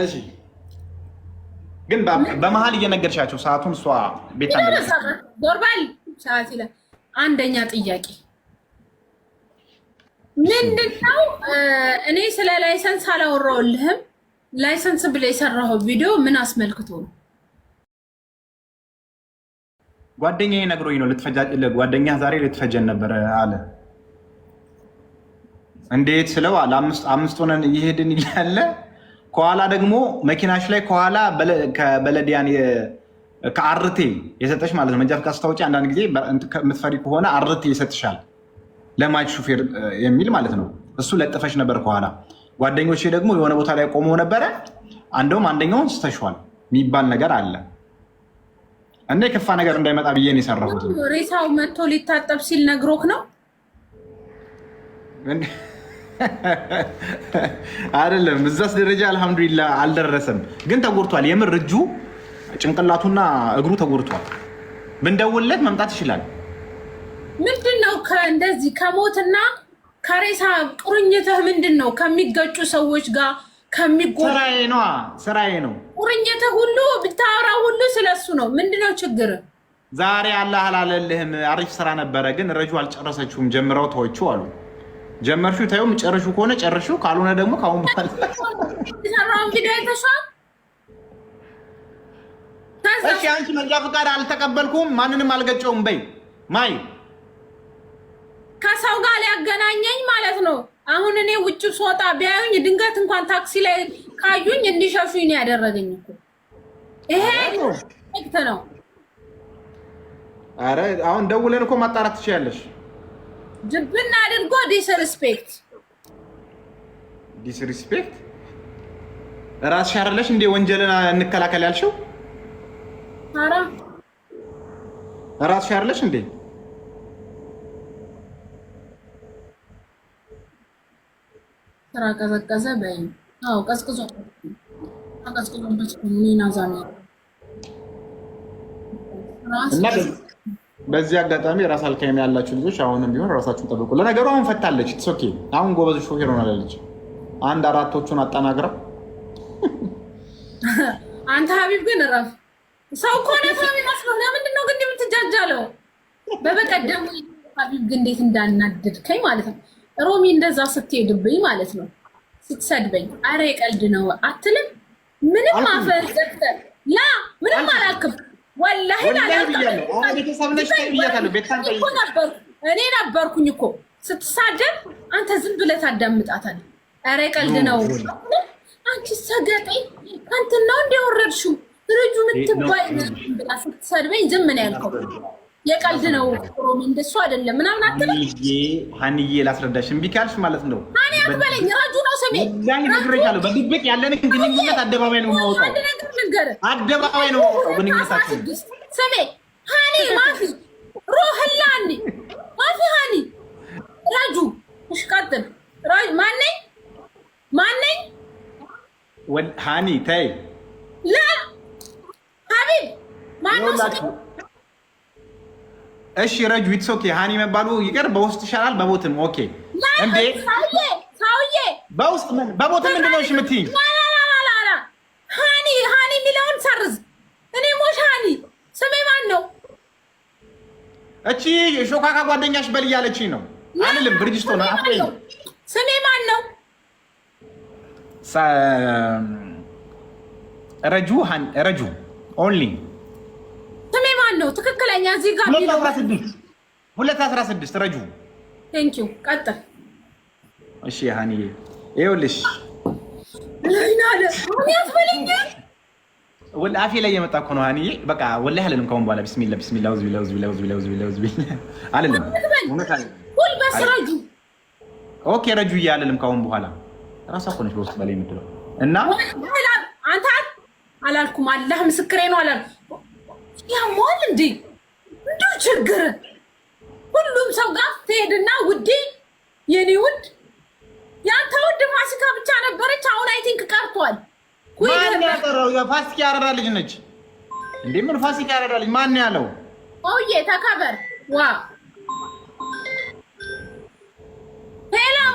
እሺ ግን በመሀል እየነገርሻቸው ሰዓቱን እሷ ቤት ኖርማል ሰዓት ይላል። አንደኛ ጥያቄ ምንድን ነው? እኔ ስለ ላይሰንስ አላወራሁልህም። ላይሰንስ ብለህ የሰራኸው ቪዲዮ ምን አስመልክቶ ነው? ጓደኛዬ ነግሮኝ ነው። ጓደኛ ዛሬ ልትፈጀን ነበረ አለ። እንዴት ስለው አለ አምስት ሆነን እየሄድን እያለ ከኋላ ደግሞ መኪናሽ ላይ ከኋላ በለዲያን ከአርቴ የሰጠሽ ማለት ነው። መንጃ ፍቃድ ስታወጪ አንዳንድ ጊዜ የምትፈሪ ከሆነ አርቴ ይሰጥሻል ለማጅ ሹፌር የሚል ማለት ነው። እሱ ለጥፈሽ ነበር ከኋላ። ጓደኞች ደግሞ የሆነ ቦታ ላይ ቆመው ነበረ። አንደውም አንደኛውን ስተሽል የሚባል ነገር አለ እና የከፋ ነገር እንዳይመጣ ብዬ ነው የሰራሁት። ሬሳው መጥቶ ሊታጠብ ሲል ነግሮክ ነው አይደለም። እዛስ ደረጃ አልሐምዱሊላ አልደረሰም፣ ግን ተጎድቷል። የምር እጁ ጭንቅላቱና እግሩ ተጎድቷል። ብንደውለት መምጣት ይችላል። ምንድን ነው እንደዚህ ከሞትና ከሬሳ ቁርኝትህ ምንድን ነው? ከሚገጩ ሰዎች ጋር ከሚጎራዬ ስራዬ ነው። ቁርኝትህ ሁሉ ብታወራ ሁሉ ስለሱ ነው። ምንድን ነው ችግር? ዛሬ አላህ አላለልህም። አሪፍ ስራ ነበረ፣ ግን ረጁ አልጨረሰችውም። ጀምረው ተወችው አሉ ጀመርሽው ታየው ጨርሹ ከሆነ ጨርሹ፣ ካልሆነ ደግሞ ካሁን በኋላ አንቺ መንጃ ፈቃድ አልተቀበልኩም ማንንም አልገጨውም በይ ማይ ከሰው ጋር ሊያገናኘኝ ማለት ነው። አሁን እኔ ውጭ ስወጣ ቢያዩኝ ድንገት እንኳን ታክሲ ላይ ካዩኝ እንዲሸሹኝ ነው ያደረገኝ ይሄ ነው። አረ አሁን ደውለን እኮ ማጣራት ትችያለሽ። ድብና አድርጎ ዲስሪስፔክት ዲስሪስፔክት ራስሽ አይደለሽ እንዴ ወንጀልን እንከላከል ያልሽው? ኧረ እንዴ? ስራ ቀዘቀዘ በይ። አዎ ቀዝቅዞ በዚህ አጋጣሚ ራስ አልካሚ ያላችሁ ልጆች አሁንም ቢሆን ራሳችሁን ጠብቁ። ለነገሩ አሁን ፈታለች ኦኬ። አሁን ጎበዝ ሾፌር ሆናለች። አንድ አራቶቹን አጠናግራ አንተ ሀቢብ ግን እረፍ። ሰው እኮ ነው ሰው የሚመስለው። ለምንድን ነው ግን የምትጃጃለው? በበቀደሙ ሀቢብ ግን እንዴት እንዳናደድከኝ ማለት ነው። ሮሚ እንደዛ ስትሄድብኝ ማለት ነው፣ ስትሰድበኝ፣ አረ የቀልድ ነው አትልም። ምንም አፈር ዘግተህ ላ ምንም አላክም ወላሂ እኔ ነበርኩኝ እኮ ስትሳደብ፣ አንተ ዝም ብለህ ታዳምጣታለህ። ኧረ ቀልድ ነው። አንቺ ሰገጤ አንተና እንዲያወረድሽው ልጁ ምትባይ ብላ ስትሰድበኝ ዝም ነው ያልከው። የቀልድ ነው ሮም እንደሱ አይደለም ምናምን አትልም። ሀንዬ ላስረዳሽ እምቢ ካልሽ ማለት ነው ሀኒ አትበለኝ። ረጁ ነው ስሜ ላይ ነግሬሻለሁ። በድብቅ ያለን ግንኙነት አደባባይ ነው የማወጣው፣ አደባባይ ነው የማወጣው ግንኙነታችን። ስሜ ሀኒ ማፊ ሮህላኒ ማፊ ሀኒ ረጁ እሺ፣ ቀጥል። ማነኝ ማነኝ? ሀኒ ተይ ላ ሀቢብ ማነው እሺ ረጁ ኢትስ ኦኬ ሃኒ መባሉ ይቀር። በውስጥ ይሻላል በቦትም ኦኬ። እንዴ ሰውዬ በውስጥ ምን በቦትም ምንድን ነው እሺ የምትይኝ? ሃኒ ሃኒ የሚለውን ሰርዝ። እኔ ሞሽ ሃኒ ስሜ ማን ነው? እቺ ሾካካ ጓደኛሽ በል እያለችኝ ነው። አንልም ብርጅስቶን አፍሬ ስሜ ማን ነው? ረጁ ረጁ ኦንሊ ስሜ ማን ነው? ትክክለኛ እዚህ ጋር ሁለት አስራ ስድስት ረጁ ቴንኪው ቀጥል። እሺ ሀኒዬ ይኸውልሽ አፌ ላይ የመጣ እኮ ነው ሀኒዬ። በቃ ወላሂ አልልም ከአሁን በኋላ ቢስሚላ ቢስሚላ ውዝቢላ ውዝቢላ ውዝቢላ ውዝቢላ ውዝቢላ አልልም። ሁልበስ ረጁ ኦኬ ረጁ እያ አልልም ከአሁን በኋላ ራሷ እኮ ነች በውስጥ በላይ የምትለው እና አንተ አላልኩም። አላህ ምስክሬ ነው አላልኩም። ያሟል እንዴ እንዲሁ ችግር ሁሉም ሰው ጋር ትሄድና ውዴ፣ የኔ ውድ፣ ያንተ ውድ ፋሲካ ብቻ ነበረች። አሁን አይ ቲንክ ቀርቷል። ማን ያጠራው? የፋሲካ ያረዳ ልጅ ነች እንዴ? ምን ፋሲካ ያረዳ ልጅ ማን ያለው? ኦዬ ተከበር ዋ ሄሎ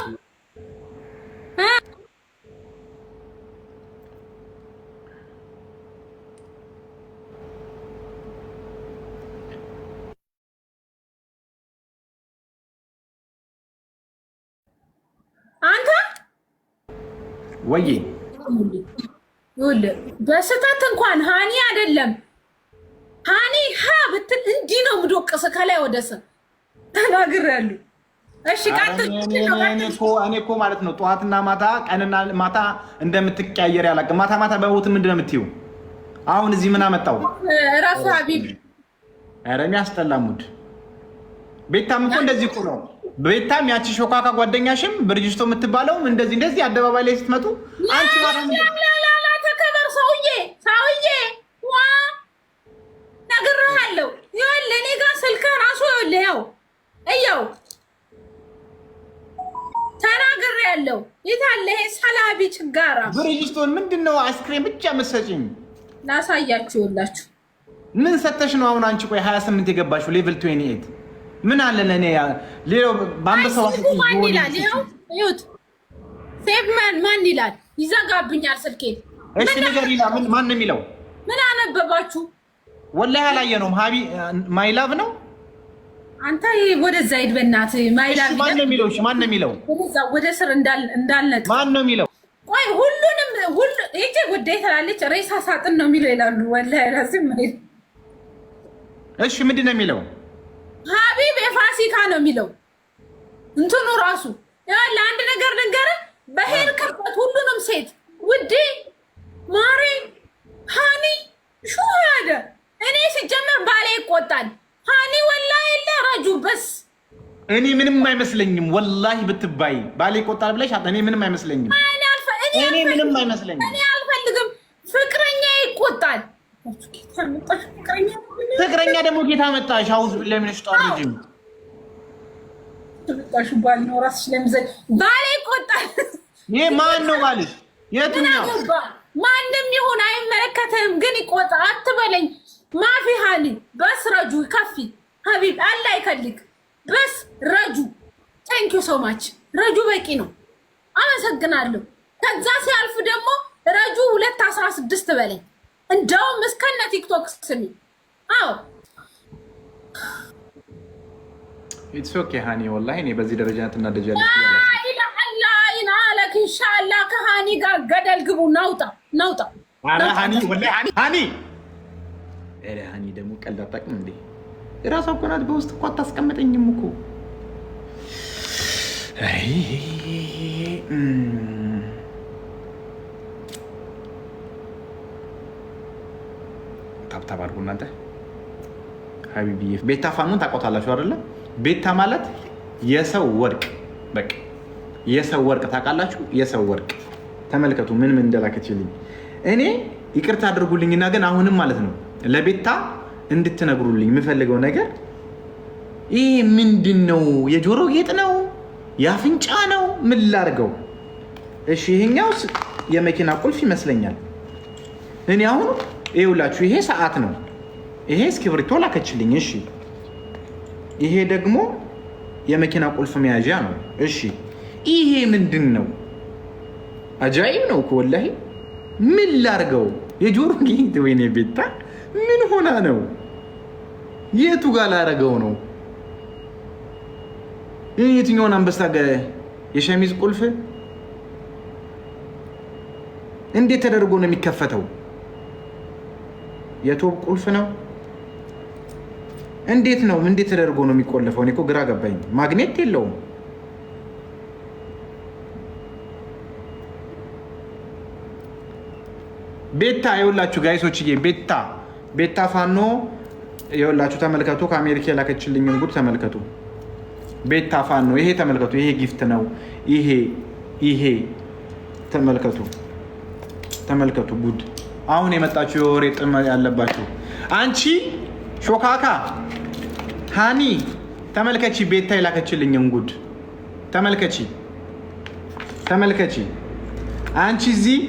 አንተ ወይ በስተት እንኳን ሀኒ አይደለም ሀኒ ሀ ብትል እንዲህ ነው ምዶቅስ ከላይ ወደ ስም ተናግሬያለሁ። እሺ እኔ እኮ ማለት ነው ጠዋትና ማታ ቀንና ማታ እንደምትቀያየር ያላቅም ማታ ማታ በቦት ምንድን ነው የምትይው? አሁን እዚህ ምን አመጣው ራሱ ሀቢብ ኧረ የሚያስጠላ ሙድ ቤታም እኮ እንደዚህ እኮ ነው ቤታም ያቺ ሾካካ ጓደኛሽም ብርጅስቶ የምትባለውም እንደዚህ እንደዚህ አደባባይ ላይ ስትመጡ ላላ ተከበር ሰውዬ ሰውዬ ዋ ነግሬሃለሁ። ይኸውልህ እኔ ጋር ስልክህ ራሱ ይኸውልህ ያው እየው ተናግሬያለሁ። የት አለ ይሄ ሰላቢ ችጋራ ብርጅስቶን ምንድን ነው አይስክሬም ብቻ መሰጭኝ ላሳያችሁ። ይኸውላችሁ ምን ሰተሽ ነው አሁን አንቺ ቆይ ሀያ ስምንት የገባሽው ሌቭል ትዌንቲ ኤይት ምን አለን? እኔ ሌላው በአንበሳ ማን ይላል? ማን ይላል? ይዘጋብኛል ስልኬን። እሺ ነገር ንገሪ፣ ማን ነው የሚለው? ምን አነበባችሁ? ወላሂ አላየነውም። ሀቢ ማይላቭ ነው። አንተ ወደዛ ሂድ በእናትህ። ማይላቭ ማን ነው የሚለው? እሺ ማን ነው የሚለው? ወደ ስር እንዳልነጥ ማን ነው የሚለው? ቆይ ሁሉንም ሁሉ እጄ ጉዳይ ትላለች። ሬሳ ሳጥን ነው የሚለው ይላሉ። ወላሂ ራሴ ማይል። እሺ ምንድን ነው የሚለው? የፋሲካ ነው የሚለው እንትኑ ራሱ ለአንድ ነገር ልንገር፣ ከበት ሁሉንም ሴት ውዴ፣ ማሬ፣ ሃኒ ሹ ያደ እኔ ሲጀመር ባሌ ይቆጣል። ሃኒ ወላ የለ ረጁ በስ እኔ ምንም አይመስለኝም። ወላሂ ብትባይ ባሌ ይቆጣል ብለሽ እኔ ምንም አይመስለኝም። እኔ ምንም አይመስለኝም። እኔ አልፈልግም። ፍቅረኛ ይቆጣል። ፍቅረኛ ደግሞ ጌታ መጣሽ። አውዝ ብላ ሚነሽ ትልቃሹ ባል ነው ራስሽ ለምዘል ባሌ ይቆጣል። ይሄ ማን ነው ባልሽ? የትኛው ማንም ይሁን አይመለከትም፣ ግን ይቆጣ አትበለኝ። ማፊ ሀሊ በስ ረጁ ከፊ ሀቢብ አላ ይከልክ በስ ረጁ ቴንክ ዩ ማች ረጁ በቂ ነው። አመሰግናለሁ። ከዛ ሲያልፍ ደግሞ ረጁ ሁለት አስራ ስድስት በለኝ እንደውም እስከነ ቲክቶክ ስሚ። አዎ ኢትስ ኦኬ ሃኒ ወላሂ እኔ በዚህ ደረጃ ትናደጃለሽ ኢንሻላ ከሃኒ ጋር ገደል ግቡ። ናውጣ ናውጣ ሃኒ ሃኒ ደግሞ ቀልድ አታውቅም እንዴ? የራሷ እኮ ናት። በውስጥ እኮ አታስቀምጠኝም እኮ ታብታብ አድርጎ እናንተ ሀቢብዬ ቤታ ፋኑን ታውቃታላችሁ አይደለም? ቤታ ማለት የሰው ወርቅ በቃ የሰው ወርቅ ታውቃላችሁ። የሰው ወርቅ ተመልከቱ፣ ምን ምን እንደላከችልኝ። እኔ ይቅርታ አድርጉልኝና ግን አሁንም ማለት ነው ለቤታ እንድትነግሩልኝ የምፈልገው ነገር ይህ ምንድን ነው? የጆሮ ጌጥ ነው? የአፍንጫ ነው? ምን እሺ፣ ይሄኛውስ የመኪና ቁልፍ ይመስለኛል። እኔ አሁኑ ይኸውላችሁ፣ ይሄ ሰዓት ነው። ይሄ እስክሪብቶ ላከችልኝ። እሺ ይሄ ደግሞ የመኪና ቁልፍ መያዣ ነው። እሺ ይሄ ምንድን ነው? አጃይብ ነው እኮ ወላሂ። ምን ላርገው? የጆሮ ጌጥ ወይኔ ቤታ ምን ሆና ነው? የቱ ጋር ላረገው ነው? የትኛውን አንበሳ የሸሚዝ ቁልፍ እንዴት ተደርጎ ነው የሚከፈተው? የቶብ ቁልፍ ነው እንዴት ነው እንዴት ተደርጎ ነው የሚቆለፈው? እኔ እኮ ግራ ገባኝ። ማግኔት የለውም ቤታ የወላችሁ ጋይሶችዬ፣ ቤታ ቤታ ፋኖ የወላችሁ ተመልከቱ። ከአሜሪካ የላከችልኝን ጉድ ተመልከቱ። ቤታ ፋኖ ይሄ ተመልከቱ። ይሄ ጊፍት ነው። ይሄ ይሄ ተመልከቱ፣ ተመልከቱ ጉድ። አሁን የመጣችሁ የወሬ ጥም ያለባችሁ አንቺ ሾካካ ሃኒ ተመልከቺ፣ ቤታ ይላከችልኝ እንጉድ ተመልከቺ፣ ተመልከቺ። አንቺ እዚህ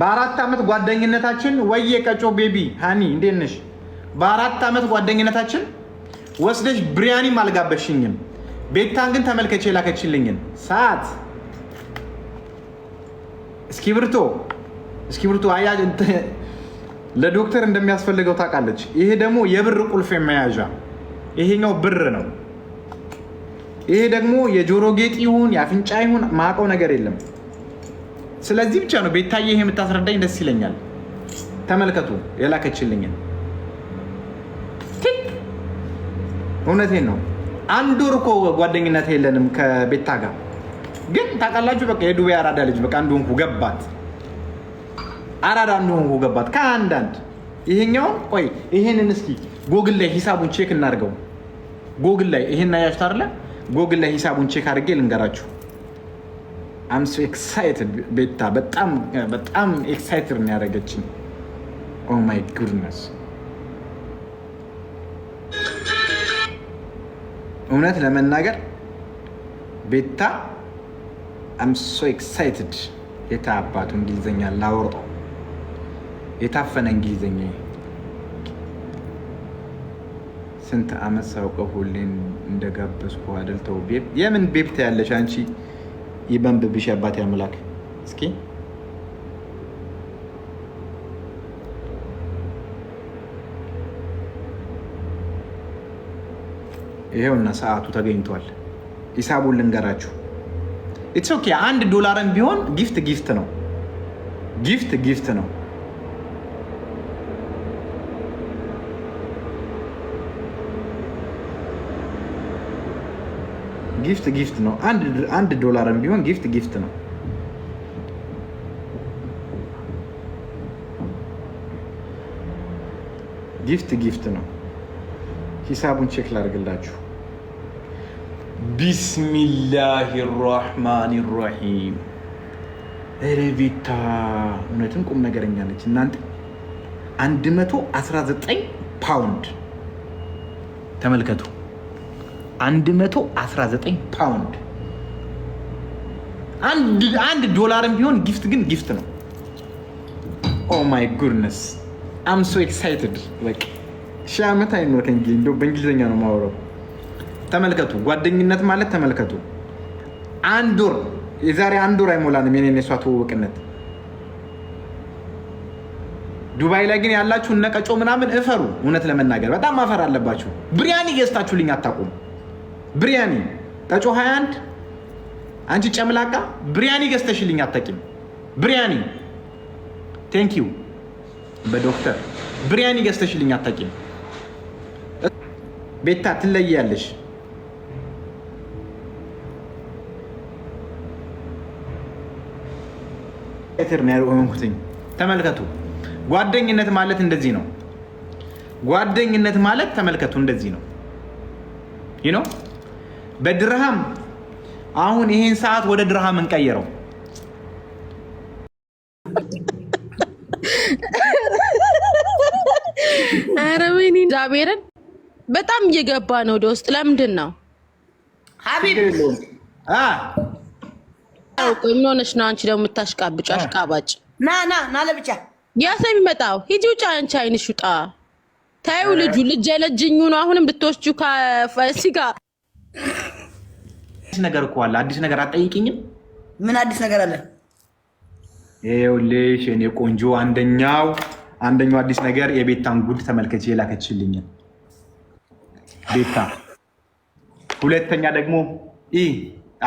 በአራት ዓመት ጓደኝነታችን ወይ የቀጮ ቤቢ ሃኒ እንዴት ነሽ? በአራት ዓመት ጓደኝነታችን ወስደሽ ብሪያኒም አልጋበሽኝም። ቤታን ግን ተመልከቺ የላከችልኝን ሰዓት፣ እስኪብርቶ፣ እስኪብርቶ አያ ለዶክተር እንደሚያስፈልገው ታውቃለች። ይሄ ደግሞ የብር ቁልፍ መያዣ ይሄኛው ብር ነው። ይሄ ደግሞ የጆሮ ጌጥ ይሁን የአፍንጫ ይሁን ማቀው ነገር የለም። ስለዚህ ብቻ ነው ቤታዬ ይሄ የምታስረዳኝ ደስ ይለኛል። ተመልከቱ የላከችልኝን እውነቴን ነው። አንድ ወር እኮ ጓደኝነት የለንም ከቤታ ጋር ግን ታውቃላችሁ፣ በቃ የዱባይ አራዳ ልጅ በቃ አንዱ ገባት አራዳ እንደሆንኩ ገባት። ከአንዳንድ ይሄኛውን ቆይ ይሄንን እስኪ ጎግል ላይ ሂሳቡን ቼክ እናድርገው። ጎግል ላይ ይሄን አያችሁት አይደለ? ጎግል ላይ ሂሳቡን ቼክ አድርጌ ልንገራችሁ። አም ሶ ኤክሳይትድ ቤታ፣ በጣም በጣም ኤክሳይትድ ነው ያደረገችኝ። ኦ ማይ ጉድነስ እውነት ለመናገር ቤታ አም ሶ ኤክሳይትድ የታባቱ እንግሊዝኛ ላወርጠው የታፈነ እንግሊዝኛ ስንት አመት ሳውቀው ሁሌን እንደጋበዝኩ አደልተው የምን ቤብ ታያለሽ አንቺ? ይበንብብሽ አባት ያምላክ። እስኪ ይሄውና ሰዓቱ ተገኝቷል። ሂሳቡን ልንገራችሁ። ኢትስ ኦኬ። አንድ ዶላርም ቢሆን ጊፍት ጊፍት ነው። ጊፍት ጊፍት ነው። ጊፍት ጊፍት ነው። አንድ ዶላርም ቢሆን ጊፍት ጊፍት ነው። ጊፍት ጊፍት ነው። ሂሳቡን ቼክ ላድርግላችሁ። ቢስሚላህ ራህማን ራሂም። ረቤታ እውነትም ቁም ነገረኛ ነች እናንተ 119 ፓውንድ ተመልከቱ። 119 ፓውንድ አንድ ዶላርም ቢሆን ጊፍት ግን ጊፍት ነው። ኦ ማይ ጉድነስ አም ሶ ኤክሳይትድ ላይክ ሺህ ዓመት አይኖረኝ እንደው በእንግሊዝኛ ነው የማወራው። ተመልከቱ ጓደኝነት ማለት ተመልከቱ። አንድ ወር የዛሬ አንድ ወር አይሞላንም የኔ የሷ ትውውቅነት። ዱባይ ላይ ግን ያላችሁ እነቀጮ ምናምን እፈሩ። እውነት ለመናገር በጣም ማፈር አለባችሁ። ብሪያኒ ገዝታችሁልኝ አታውቁም። ብሪያኒ ጠጮ 21 አንቺ ጨምላቃ ብሪያኒ ገዝተሽልኝ አታውቂም። ብሪያኒ ቴንክ ዩ በዶክተር ብሪያኒ ገዝተሽልኝ አታውቂም። ቤታ ትለያለሽ። ሆንኩትኝ ተመልከቱ። ጓደኝነት ማለት እንደዚህ ነው። ጓደኝነት ማለት ተመልከቱ፣ እንደዚህ ነው። ይህ ነው በድርሃም አሁን ይሄን ሰዓት ወደ ድርሃም እንቀይረው። ኧረ ወይኔ እግዚአብሔርን በጣም እየገባ ነው ወደ ውስጥ። ለምንድን ነው ሀቢብ ምን ሆነሽ ነው አንቺ ደግሞ የምታሽቃብጭ አሽቃባጭ ና ና ና ለብቻ ያስ ነው የሚመጣው። ሂጂ ውጭ አንቺ አይንሽ ውጣ። ታዩ ልጁ ልጅ የለጅኙ ነው አሁንም ልትወስጂው ከፈሲ ጋር አዲስ ነገር እኮ አለ። አዲስ ነገር አትጠይቂኝም? ምን አዲስ ነገር አለ? ይኸውልሽ እኔ ቆንጆ አንደኛው አንደኛው አዲስ ነገር የቤታን ጉድ ተመልከች የላከችልኝ ቤታ። ሁለተኛ ደግሞ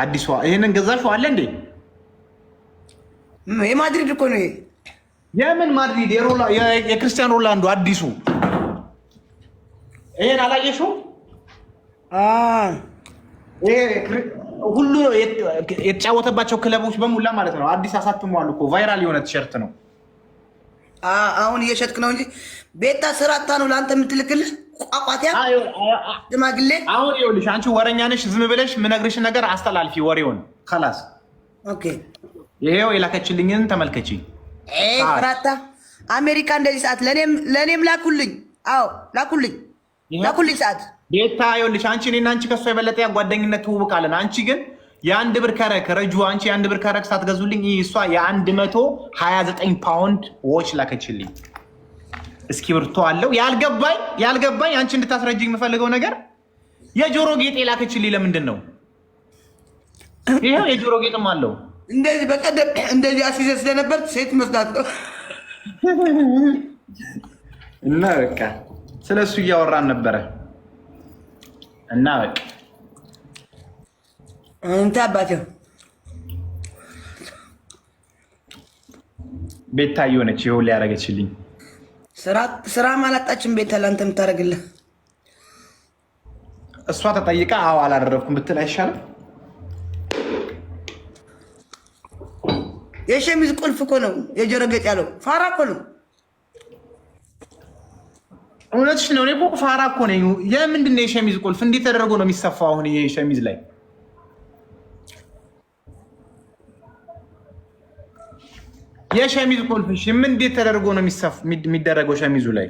አዲሷ ይህንን ገዛሽው አለ እንዴ? የማድሪድ እኮ ነው። የምን ማድሪድ? የክርስቲያን ሮላንዶ አዲሱ። ይሄን አላየሽው? ሁሉ የተጫወተባቸው ክለቦች በሙላ ማለት ነው። አዲስ አሳትመዋል እኮ ቫይራል የሆነ ቲሸርት ነው። አሁን እየሸጥክ ነው እንጂ ቤታ ስራታ ነው ለአንተ የምትልክልህ ቋቋትያ ሽማግሌ። አሁን ይኸውልሽ አንቺ ወረኛ ነሽ። ዝም ብለሽ ምነግርሽ ነገር አስተላልፊ ወሬውን ከላስ። ይሄው የላከችልኝን ተመልከች። ስራታ አሜሪካ እንደዚህ ሰዓት ለእኔም ላኩልኝ። አዎ ላኩልኝ፣ ላኩልኝ ሰዓት ጌታ ይኸውልሽ፣ አንቺ እኔና አንቺ ከእሷ የበለጠ ጓደኝነት ትውውቅ አለን። አንቺ ግን የአንድ ብር ከረክ ረጁ፣ አንቺ የአንድ ብር ከረክ ሳትገዙልኝ እሷ የአንድ መቶ ሀያ ዘጠኝ ፓውንድ ዎች ላከችልኝ። እስኪ ብርቶ አለው። ያልገባኝ ያልገባኝ አንቺ እንድታስረጅኝ የምፈልገው ነገር የጆሮ ጌጥ የላከችልኝ ለምንድን ነው ይኸው? የጆሮ ጌጥም አለው። እንደዚህ በቀደም እንደዚህ አስይዘ ስለነበር ሴት መስላት ነው እና በቃ ስለ እሱ እያወራን ነበረ እና በቃ እንትን አባቴ ቤታ የሆነች ይኸው ሊያደረገችልኝ ስራ ማላጣችን ቤታ ለአንተ የምታደርግልህ እሷ ተጠይቃ አዎ አላደረግኩም ብትል አይሻልም? የሸሚዝ ቁልፍ እኮ ነው የጆሮ ጌጥ ያለው ፋራ እኮ ነው። እውነትሽ ነው። እኔ እኮ ፋራ እኮ ነኝ። የምንድን ነው የሸሚዝ ቁልፍ እንዴት ተደርጎ ነው የሚሰፋው? አሁን ይሄ ሸሚዝ ላይ የሸሚዝ ቁልፍ ምን እንዴት ተደርጎ ነው የሚደረገው? ሸሚዙ ላይ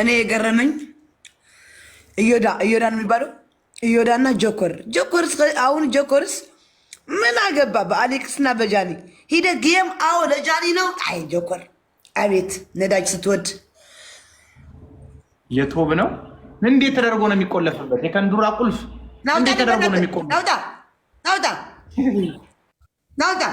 እኔ የገረመኝ እዮዳ እዮዳ ነው የሚባለው። እዮዳና ጆኮር ጆኮርስ አሁን ጆኮርስ ምን አገባ በአሌክስ በጃኒ ሂደ ጌም። አዎ ለጃኒ ነው። አይ ጆከር አቤት ነዳጅ ስትወድ የቶብ ነው። እንዴት ተደርጎ ነው የሚቆለፍበት? የከንዱራ ቁልፍ እንዴት ተደርጎ ነው የሚቆለፍ? ናውጣ ናውጣ ናውጣ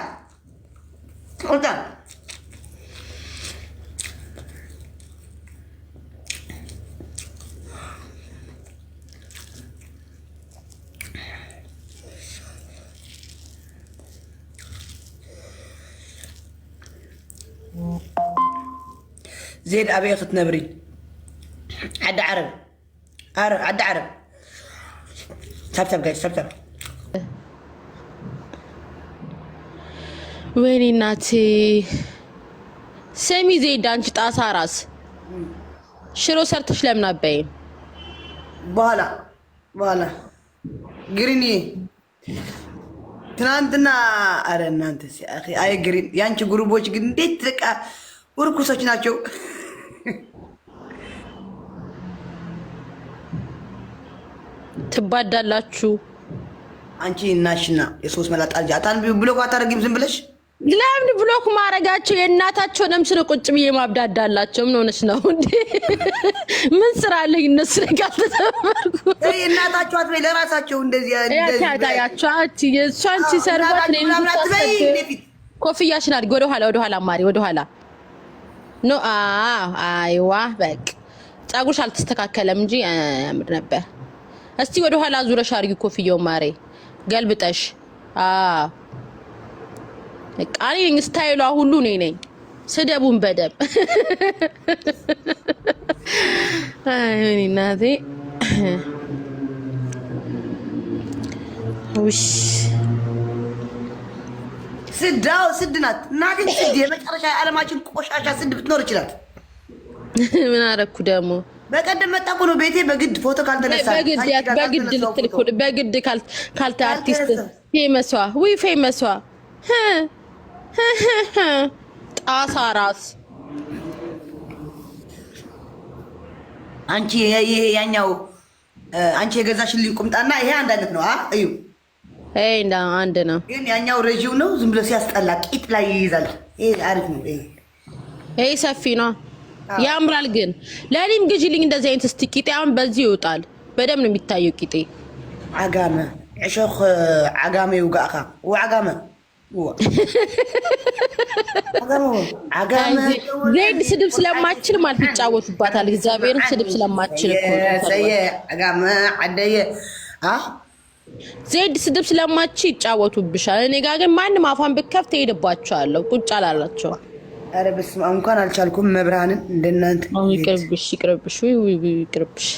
ዜድ ኣበይ ክትነብሪ ዓዲ ዓረብ ዓዲ ዓረብ ሳብሳብ ጋይ ሳብሳብ ወይኔ እናቴ ሰሚ ዜድ አንቺ ጣሳ ራስ ሽሮ ሰርተሽ ለምን አበይም በኋላ በኋላ ግሪኒ ትናንትና አረ እናንተ አይ ግሪን ያንቺ ጉሩቦች ግን እንዴት በቃ እርኩሶች ናቸው። ትባዳላችሁ። አንቺ እናሽና የሶስት መላጣ ልጅ አታን ብሎክ አታደርጊም? ዝም ብለሽ ለምን ብሎክ ማድረጋቸው? የእናታቸው ነም ነምስለ ቁጭ ብዬ ማብዳዳላቸው ምን ሆነች ነው እንዴ? ምን ስራ አለኝ? እነሱ ነ ተተመርኩ እናታቸው ለራሳቸው እንደዚህ ያታያቸው አቺ ኮፍያሽን አድርጊ ወደኋላ፣ ወደኋላ ማሪ፣ ወደኋላ ኖ አይዋ በቅ ጸጉርሽ አልተስተካከለም እንጂ ያምር ነበር። እስቲ ወደ ኋላ ዙረሽ አርጊ ኮፍያው ማሬ ገልብጠሽ። አዎ እኔ ነኝ ስታይሏ ሁሉ እኔ ነኝ። ስደቡን በደም እናቴ ውሽ ስዳው ስድ ናት እና ግን ስድ የመጨረሻ የዓለማችን ቆሻሻ ስድ ብትኖር ይችላል። ምን አረኩ ደግሞ? በቀደም መጣ እኮ ነው ቤቴ በግድ ፎቶ ካልተነሳ በግድ ልትልኩ በግድ ካልተ አርቲስት ፌመሷ ወይ ፌመሷ ጣሳ ራስ አንቺ ይሄ ያኛው አንቺ የገዛሽልኝ ቁምጣና ይሄ አንድ አይነት ነው። እዩ እንደ አንድ ነው ግን ያኛው ረዥም ነው። ዝም ብሎ ሲያስጠላ ቂጥ ላይ ይይዛል። ይሄ አሪፍ ነው። ይሄ ይሄ ሰፊ ነው፣ ያምራል። ግን ለእኔም ግዢልኝ እንደዚህ አይነት እስቲ። ቂጤ አሁን በዚህ ይወጣል፣ በደምብ ነው የሚታየው ቂጤ። አጋመ ዕሾኽ ዓጋመ ይውጋእካ ዓጋመ ዜድ ስድብ ስለማችል ማለት ይጫወቱባታል። እግዚአብሔርን ስድብ ስለማችል ዓጋመ አ ዜድ ስድብ ስለማች ይጫወቱብሻል። እኔ ጋር ግን ማንም አፏን ብከፍት ሄድባቸዋለሁ። ቁጭ አላላቸው። ኧረ በስመ አብ እንኳን አልቻልኩም። መብራንን እንደናንተ ይቅርብሽ፣ ይቅርብሽ፣ ይቅርብሽ።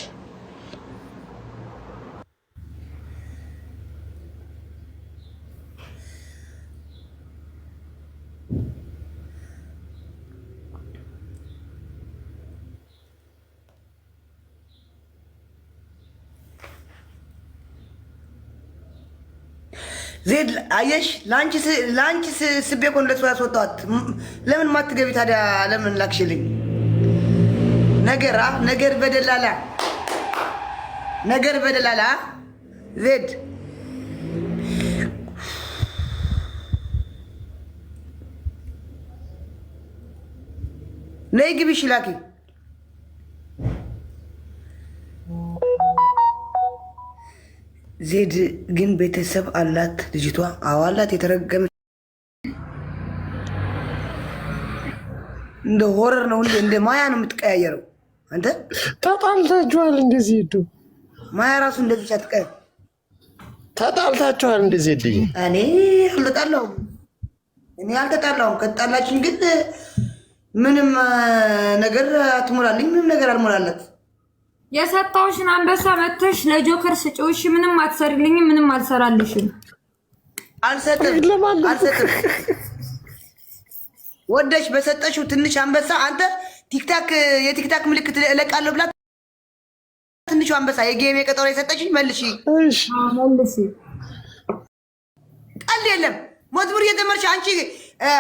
ዜድ አየሽ፣ ለአንቺ ስቤ እኮ ለሱ ያስወጣዋት። ለምን ማትገቢ ታዲያ? ለምን ላክሽልኝ? ነገራ ነገር በደላላ ነገር በደላላ ዜድ ነይ ግቢሽ ላኪ ዜድ ግን ቤተሰብ አላት ልጅቷ? አዎ አላት። የተረገመ እንደ ሆረር ነው እንደ እንደ ማያ ነው የምትቀያየረው። አንተ ተጣልታችኋል እንደዚህ ሄዱ። ማያ ራሱ እንደዚህ አትቀ ተጣልታችኋል እንደዚህ ሄዱ። እኔ አልተጣላሁም፣ እኔ አልተጣላሁም። ከተጣላችን ግን ምንም ነገር አትሞላልኝ፣ ምንም ነገር አልሞላለት የሰጠውሽን አንበሳ መተሽ ለጆከር ስጪውሽ። ምንም አትሰርልኝም፣ ምንም አልሰራልሽም። አልሰጥም፣ ወደሽ በሰጠሽው ትንሽ አንበሳ አንተ ቲክታክ የቲክታክ ምልክት እለቃለሁ ብላ ትንሹ አንበሳ የጌም የቀጠሮ የሰጠችኝ መልሽ፣ መልሽ። ቀልድ የለም። መዝሙር እየዘመርሽ አንቺ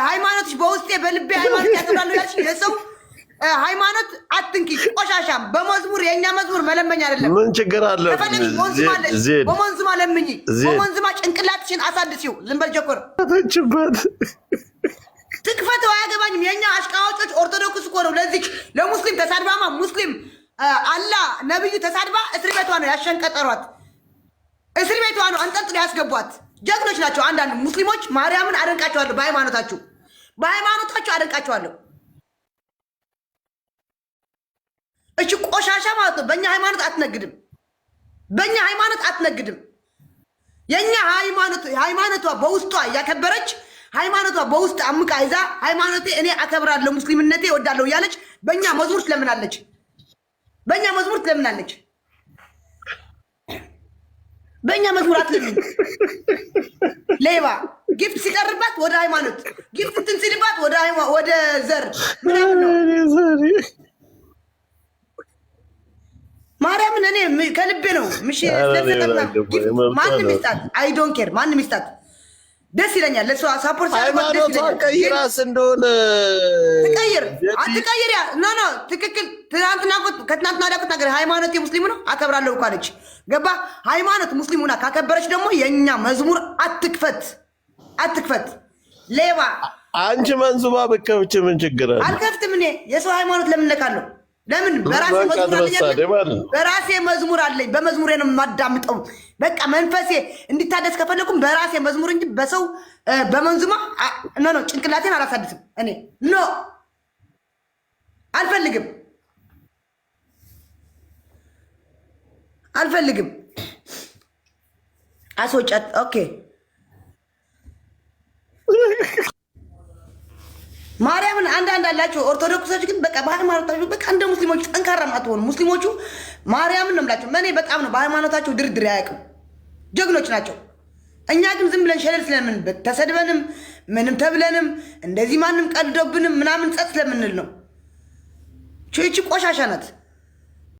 ሃይማኖትሽ በውስጤ በልቤ ሃይማኖት ያተብላሉ ያልሽ የሰው ሃይማኖት አትንኪ ቆሻሻም። በመዝሙር የእኛ መዝሙር መለመኝ አይደለም። ምን ችግር አለ? በመንዙማ ለምኝ፣ በመንዝማ ጭንቅላትሽን አሳድሲው። ዝም በል ጀኮር ተችበት ትክፈተው፣ አያገባኝም። የእኛ አሽቃዋጮች ኦርቶዶክስ እኮ ነው። ለዚች ለሙስሊም ተሳድባማ ሙስሊም አላ ነብዩ ተሳድባ እስር ቤቷ ነው ያሸንቀጠሯት። እስር ቤቷ ነው አንጠልጥሎ ያስገቧት። ጀግኖች ናቸው አንዳንድ ሙስሊሞች። ማርያምን አደንቃቸዋለሁ በሃይማኖታችሁ፣ በሃይማኖታችሁ አደንቃቸዋለሁ። እቺ ቆሻሻ ማለት ነው። በእኛ ሃይማኖት አትነግድም፣ በእኛ ሃይማኖት አትነግድም። የእኛ ሃይማኖቷ በውስጧ እያከበረች ሃይማኖቷ በውስጥ አምቃ ይዛ ሃይማኖቴ እኔ አከብራለሁ ሙስሊምነቴ እወዳለሁ እያለች በእኛ መዝሙር ትለምናለች፣ በእኛ መዝሙር ትለምናለች። በእኛ መዝሙር አትለምን። ሌባ ጊፍት ሲቀርባት ወደ ሃይማኖት፣ ጊፍት ትንስልባት ወደ ዘር ምናምን ነው ማርያምን እኔ ከልቤ ነው ማንም ይስጣት፣ አይ ዶንት ኬር ማንም ይስጣት፣ ደስ ይለኛል። ለእሷ ሳፖርት ቀይራስ እንደሆነ ትቀይር አትቀይር፣ ያ ኖ ኖ ትክክል። ትናንትና ከትናንትና ዳቁት ነገር ሃይማኖት የሙስሊሙ ነው አከብራለሁ እኮ አለች። ገባ ሃይማኖት ሙስሊሙና ካከበረች ደግሞ የእኛ መዝሙር አትክፈት፣ አትክፈት ሌባ አንቺ መንዙባ ብከፍች ምን ችግር አለ? አልከፍትም። እኔ የሰው ሃይማኖት ለምን ነካለሁ? ለምን በራሴ መዝሙር አለኝ። በራሴ መዝሙር አለኝ። በመዝሙሬ ነው የማዳምጠው። በቃ መንፈሴ እንዲታደስ ከፈለኩም በራሴ መዝሙር እንጂ በሰው በመንዙማ ኖ ኖ ጭንቅላቴን አላሳድስም። እኔ ኖ አልፈልግም፣ አልፈልግም አስወጫት ኦኬ ማርያምን አንዳንድ አላቸው ኦርቶዶክሶች ግን በቃ በሃይማኖታቸው በቃ እንደ ሙስሊሞቹ ጠንካራ ማትሆኑ ሙስሊሞቹ ማርያምን ነው የምላቸው። እኔ በጣም ነው በሃይማኖታቸው ድርድር አያውቅም። ጀግኖች ናቸው። እኛ ግን ዝም ብለን ሸለል ስለምንበት ተሰድበንም ምንም ተብለንም እንደዚህ ማንም ቀልዶብንም ምናምን ጸጥ ስለምንል ነው። ይቺ ቆሻሻ ናት።